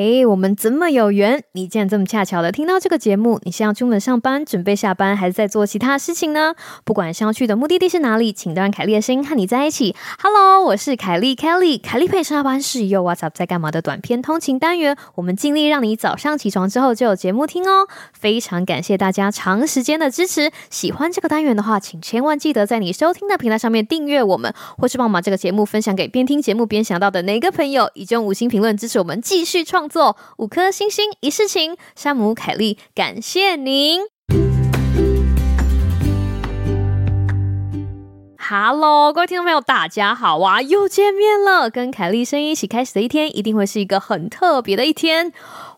誒，hey, 我們這麼有緣？你竟然這麼恰巧的聽到這個節目？你是要出門上班準備下班，還是在做其他事情呢？不管是要去的目的地是哪裡，請都讓凱莉的聲音和你在一起。Hello，我是凱莉凱麗，凱莉陪你上下班是 Yo! What's Up 在幹嘛的短篇通勤單元。我們盡力讓你早上起床之後就有節目聽哦。非常感謝大家長時間的支持。喜歡這個單元的話，請千萬記得在你收聽的平台上面訂閱我們，或是幫忙這個節目分享給邊聽節目邊想到的哪個朋友，以及用五星評論支持我們繼續創。做五顆星星一世情，山姆凱莉，感謝您。Hello，各位聽眾朋友，大家好啊，又見面了。跟凱莉聲音一起開始的一天，一定會是一個很特別的一天。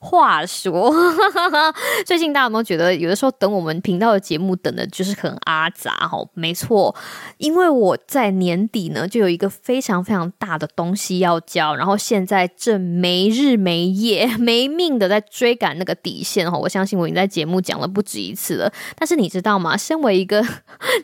話說， 最近大家有沒有覺得，有的時候等我們頻道的節目等的就是很阿雜齁。沒錯，因為我在年底呢就有一個非常非常大的東西要交，然後現在正沒日沒夜、沒命的在追趕那個底線齁，我相信我已經在節目講了不止一次了。但是你知道嗎？身為一個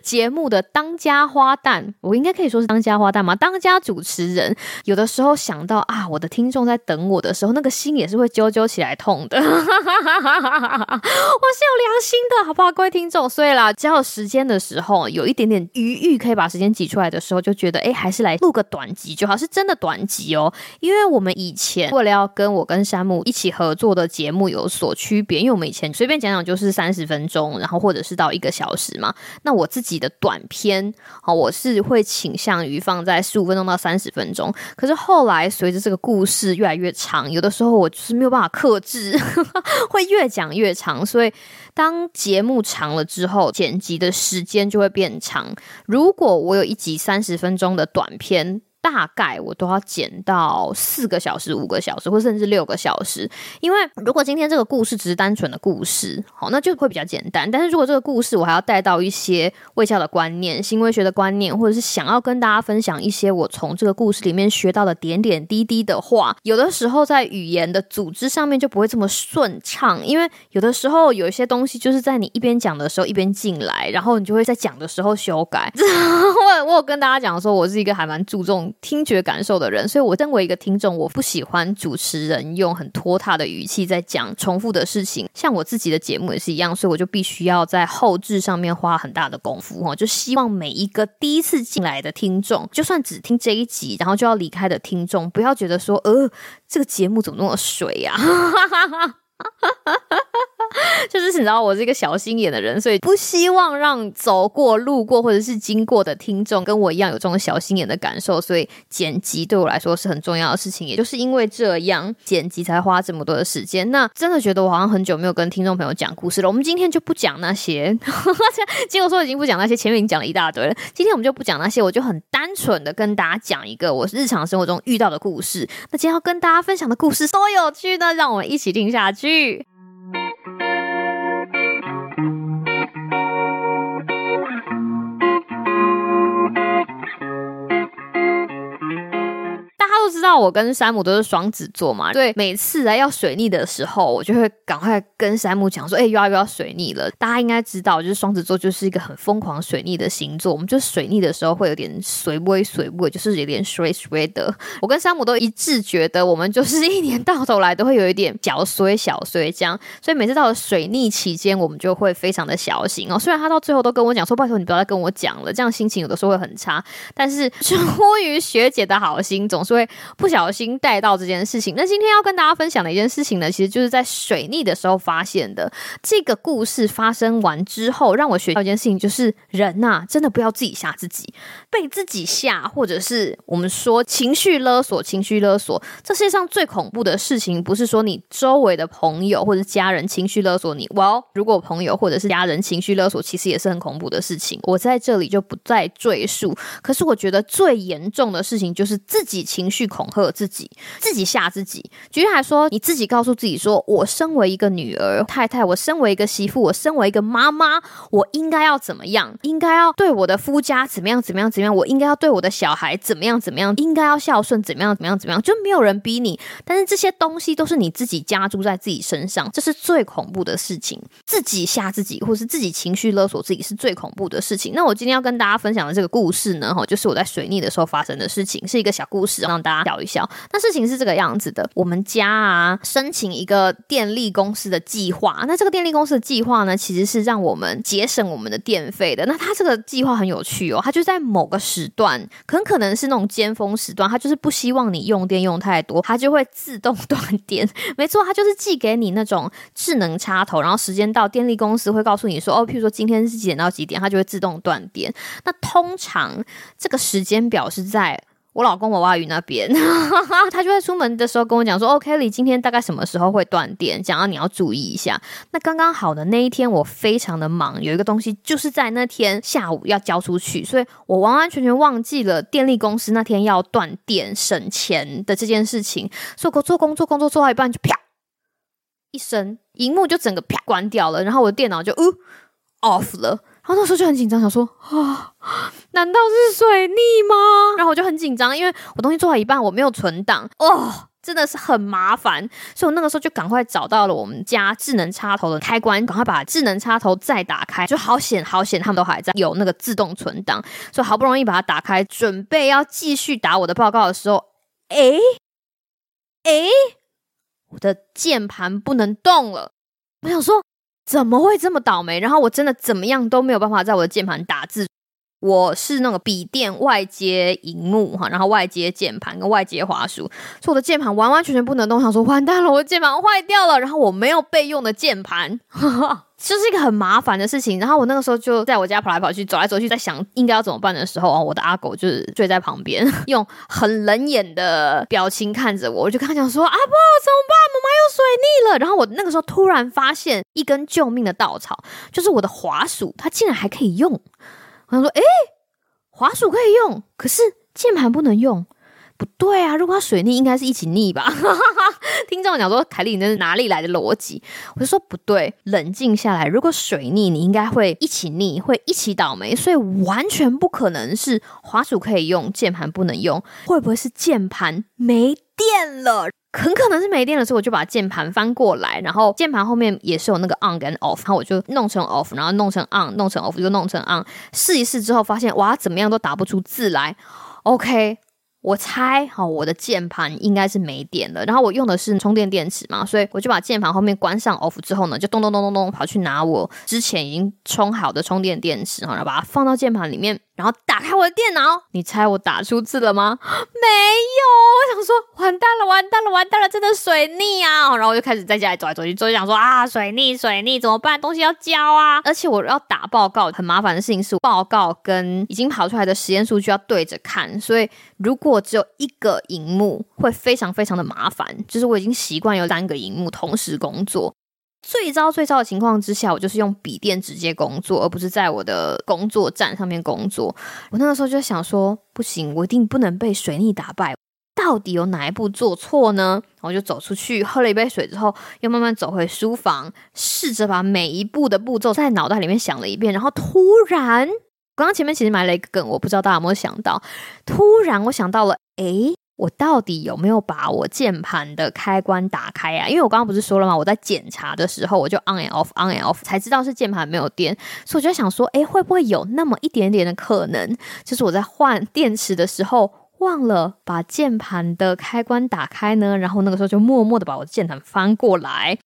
節 目的當家花旦，我應該可以說是當家花旦嘛，當家主持人。有的時候想到啊，我的聽眾在等我的時候，那個心也是會揪揪起來。來痛的， 我是有良心的，好不好，各位聽眾？所以啦，只要有時間的時候，有一點點餘裕，可以把時間擠出來的時候，就覺得哎、欸，還是來錄個短集就好，是真的短集哦。因為我們以前為了要跟我跟山姆一起合作的節目有所區別，因為我們以前隨便講講就是三十分鐘，然後或者是到一個小時嘛。那我自己的短片，好、喔，我是會傾向於放在十五分鐘到三十分鐘。可是後來隨着這個故事越來越長，有的時候我就是沒有辦法克。 會越講越長，所以當節目長了之後，剪輯的時間就會變長。如果我有一集三十分鐘的短片。大概我都要剪到四個小時、五個小時，或甚至六個小時。因為如果今天這個故事只是單純的故事，好，那就會比較簡單。但是如果這個故事我還要帶到一些衛教的觀念、行為學的觀念，或者是想要跟大家分享一些我從這個故事裡面學到的點點滴滴的話，有的時候在語言的組織上面就不會這麼順暢。因為有的時候有一些東西就是在你一邊講的時候一邊進來，然後你就會在講的時候修改。我 我有跟大家講說，我是一個還蠻注重。聽覺感受的人，所以我身為一個聽眾我不喜歡主持人用很拖沓的語氣在講重複的事情，像我自己的節目也是一樣，所以我就必須要在後製上面花很大的功夫哦，就希望每一個第一次進來的聽眾，就算只聽這一集，然後就要離開的聽眾，不要覺得說，呃，這個節目怎麼那麼水呀、啊？ 就是你知道，我是一個小心眼的人，所以不希望讓走過、路過或者是經過的聽眾跟我一樣有這種小心眼的感受，所以剪輯對我來說是很重要的事情。也就是因為這樣，剪輯才花這麼多的時間。那真的覺得我好像很久沒有跟聽眾朋友講故事了。我們今天就不講那些， 結果說已經不講那些，前面已經講了一大堆了。今天我們就不講那些，我就很單純的跟大家講一個我日常生活中遇到的故事。那今天要跟大家分享的故事多有趣呢？讓我們一起聽下去。知道我跟山姆都是雙子座嘛？對，每次來要水逆的時候，我就會趕快跟山姆講說：“哎、欸，又要又要水逆了。”大家應該知道，就是雙子座就是一個很瘋狂水逆的星座。我們就是水逆的時候，會有點水微水微，就是有點水水的。我跟山姆都一致覺得，我們就是一年到頭來都會有一點小衰小衰這樣。所以每次到了水逆期間，我們就會非常的小心哦。雖然他到最後都跟我講說：“拜託你不要再跟我講了，這樣心情有的時候會很差。”但是出於學姐的好心，總是會。不小心帶到這件事情。那今天要跟大家分享的一件事情呢，其實就是在水逆的時候發現的。這個故事發生完之後，讓我學到一件事情，就是人吶、啊，真的不要自己嚇自己，被自己嚇，或者是我們說情緒勒索，情緒勒索，這世界上最恐怖的事情，不是說你周圍的朋友或者家人情緒勒索你，哇、well,！如果朋友或者是家人情緒勒索，其實也是很恐怖的事情。我在這裡就不再贅述。可是我覺得最嚴重的事情，就是自己情緒。恐嚇自己，自己嚇自己。舉例來說，你自己告訴自己說：“我身為一個女兒、太太，我身為一個媳婦，我身為一個媽媽，我應該要怎麼樣？應該要對我的夫家怎麼樣？怎麼樣？怎麼樣？我應該要對我的小孩怎麼樣？怎麼樣？應該要孝順怎,怎麼樣？怎麼樣？怎麼樣？”就沒有人逼你，但是這些東西都是你自己加注在自己身上，這是最恐怖的事情。自己嚇自己，或是自己情緒勒索自己，是最恐怖的事情。那我今天要跟大家分享的這個故事呢，就是我在水逆的時候發生的事情，是一個小故事，讓大家。小一小那事情是這個樣子的。我們家啊，申請一個電力公司的計劃。那這個電力公司的計劃呢，其實是讓我們節省我們的電費的。那它這個計劃很有趣哦，它就在某個時段，很可，可能是那種尖峰時段，它就是不希望你用電用太多，它就會自動斷電。沒錯，它就是寄給你那種智能插頭，然後時間到，電力公司會告訴你說，哦，譬如說今天是幾點到幾點，它就會自動斷電。那通常這個時間表是在。我老公我外魚那邊， 他就在出門的時候跟我講說：“OK 你今天大概什麼時候會斷電？講到你要注意一下。”那剛剛好的那一天，我非常的忙，有一個東西就是在那天下午要交出去，所以我完完全全忘記了電力公司那天要斷電省錢的這件事情。所以，我做工作工作做到一半，就啪一聲，熒幕就整個啪關掉了，然後我的電腦就嗚、呃、off 了。然後、哦、那個、時候就很緊張，想說啊、哦，難道是水逆嗎？然後我就很緊張，因為我東西做到一半，我沒有存檔哦，真的是很麻煩。所以我那個時候就趕快找到了我們家智能插頭的開關，趕快把智能插頭再打開，就好險好險，他們都還在有那個自動存檔，所以好不容易把它打開，準備要繼續打我的報告的時候，誒、欸。誒、欸、我的鍵盤不能動了，我想說。怎麼會這麼倒霉？然後我真的怎麼樣都沒有辦法在我的鍵盤打字。我是那個筆電外接螢幕哈，然後外接鍵盤跟外接滑鼠，所以我的鍵盤完完全全不能動。我想說完蛋了，我的鍵盤壞掉了，然後我沒有備用的鍵盤， 就是一個很麻煩的事情。然後我那個時候就在我家跑來跑去，走來走去，在想應該要怎麼辦的時候啊，我的阿狗就是睡在旁邊，用很冷眼的表情看着我。我就跟他講說：“阿、啊、狗，怎麼辦？媽媽又水逆了。”然後我那個時候突然發現一根救命的稻草，就是我的滑鼠，它竟然還可以用。我想說，哎、欸，滑鼠可以用，可是鍵盤不能用，不對啊！如果它水逆，應該是一起逆吧？哈哈哈。聽眾講說，凱莉，你那是哪裡來的邏輯？我就說不對，冷靜下來，如果水逆，你應該會一起逆，會一起倒霉，所以完全不可能是滑鼠可以用，鍵盤不能用。會不會是鍵盤沒電了？很可能是沒電的時候，我就把鍵盤翻過來，然後鍵盤後面也是有那個 on 跟 off，然後我就弄成 off，然後弄成 on，弄成 off，就弄成 on，試一試之後發現哇，怎麼樣都打不出字來。OK，我猜哦，我的鍵盤應該是沒電了。然後我用的是充電電池嘛，所以我就把鍵盤後面關上 off 之後呢，就咚咚咚咚咚咚跑去拿我之前已經充好的充電電池，然後把它放到鍵盤裡面。然後打開我的電腦，你猜我打出字了嗎？沒有，我想說完蛋了，完蛋了，完蛋了，真的水逆啊！然後我就開始在家裡走來走去，然後就想說啊，水逆水逆怎麼辦？東西要交啊，而且我要打報告，很麻煩的事情是報告跟已經跑出來的實驗數據要對着看，所以如果只有一個螢幕會非常非常的麻煩，就是我已經習慣有三個螢幕同時工作。最糟最糟的情況之下，我就是用筆電直接工作，而不是在我的工作站上面工作。我那個時候就想說，不行，我一定不能被水逆打敗。到底有哪一步做錯呢？我就走出去喝了一杯水之後，又慢慢走回書房，試着把每一步的步驟在腦袋裡面想了一遍。然後突然，剛剛前面其實埋了一個梗，我不知道大家有沒有想到。突然，我想到了，誒。我到底有沒有把我鍵盤的開關打開啊？因為我剛剛不是說了嗎？我在檢查的時候，我就 on and off，on and off，才知道是鍵盤沒有電。所以我就想說，哎、欸，會不會有那麼一點點的可能，就是我在換電池的時候忘了把鍵盤的開關打開呢？然後那個時候就默默的把我的鍵盤翻過來，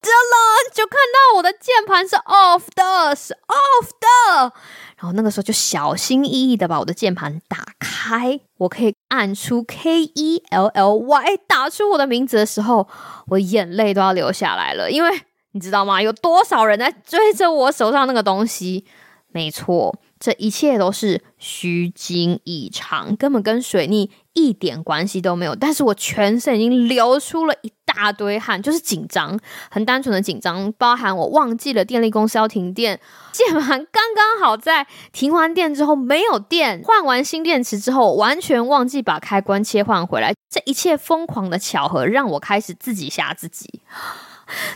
真的 就看到我的鍵盤是 off 的，是 off 的。然後那個時候就小心翼翼的把我的鍵盤打開，我可以。按出 K E L L Y，打出我的名字的時候，我眼淚都要流下來了。因為你知道嗎？有多少人在追着我手上那個東西？沒錯。這一切都是虛驚一場，根本跟水逆一點關係都沒有。但是我全身已經流出了一大堆汗，就是緊張，很單純的緊張。包含我忘記了電力公司要停電，鍵盤剛剛好在停完電之後沒有電，換完新電池之後完全忘記把開關切換回來。這一切瘋狂的巧合，讓我開始自己嚇自己。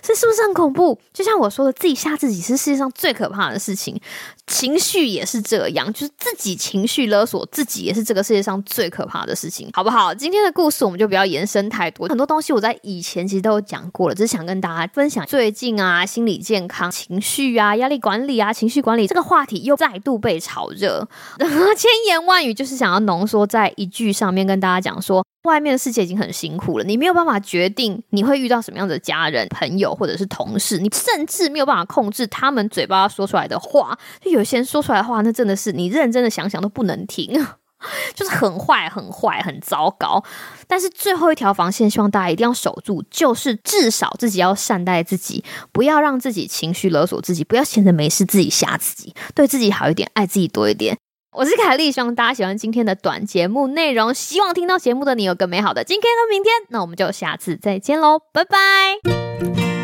這是。很恐怖，就像我說的，自己嚇自己是世界上最可怕的事情。情緒也是這樣，就是自己情緒勒索自己，也是這個世界上最可怕的事情，好不好？今天的故事我們就不要延伸太多，很多東西我在以前其實都有講過了，只是想跟大家分享。最近啊，心理健康、情緒啊、壓力管理啊、情緒管理這個話題又再度被炒熱， 然後千言萬語就是想要濃縮在一句上面跟大家講說：外面的世界已經很辛苦了，你沒有辦法決定你會遇到什麼樣的家人、朋友，或者是。同事，你甚至沒有辦法控制他們嘴巴說出來的話。就有些人說出來的話，那真的是你認真的想想都不能聽， 就是很壞、很壞、很糟糕。但是最後一條防線，希望大家一定要守住，就是至少自己要善待自己，不要讓自己情緒勒索自己，不要閒着沒事自己嚇自己，對自己好一點，愛自己多一點。我是凱莉，希望大家喜歡今天的短節目內容，希望聽到節目的你有個美好的今天和明天。那我們就下次再見嘍，拜拜。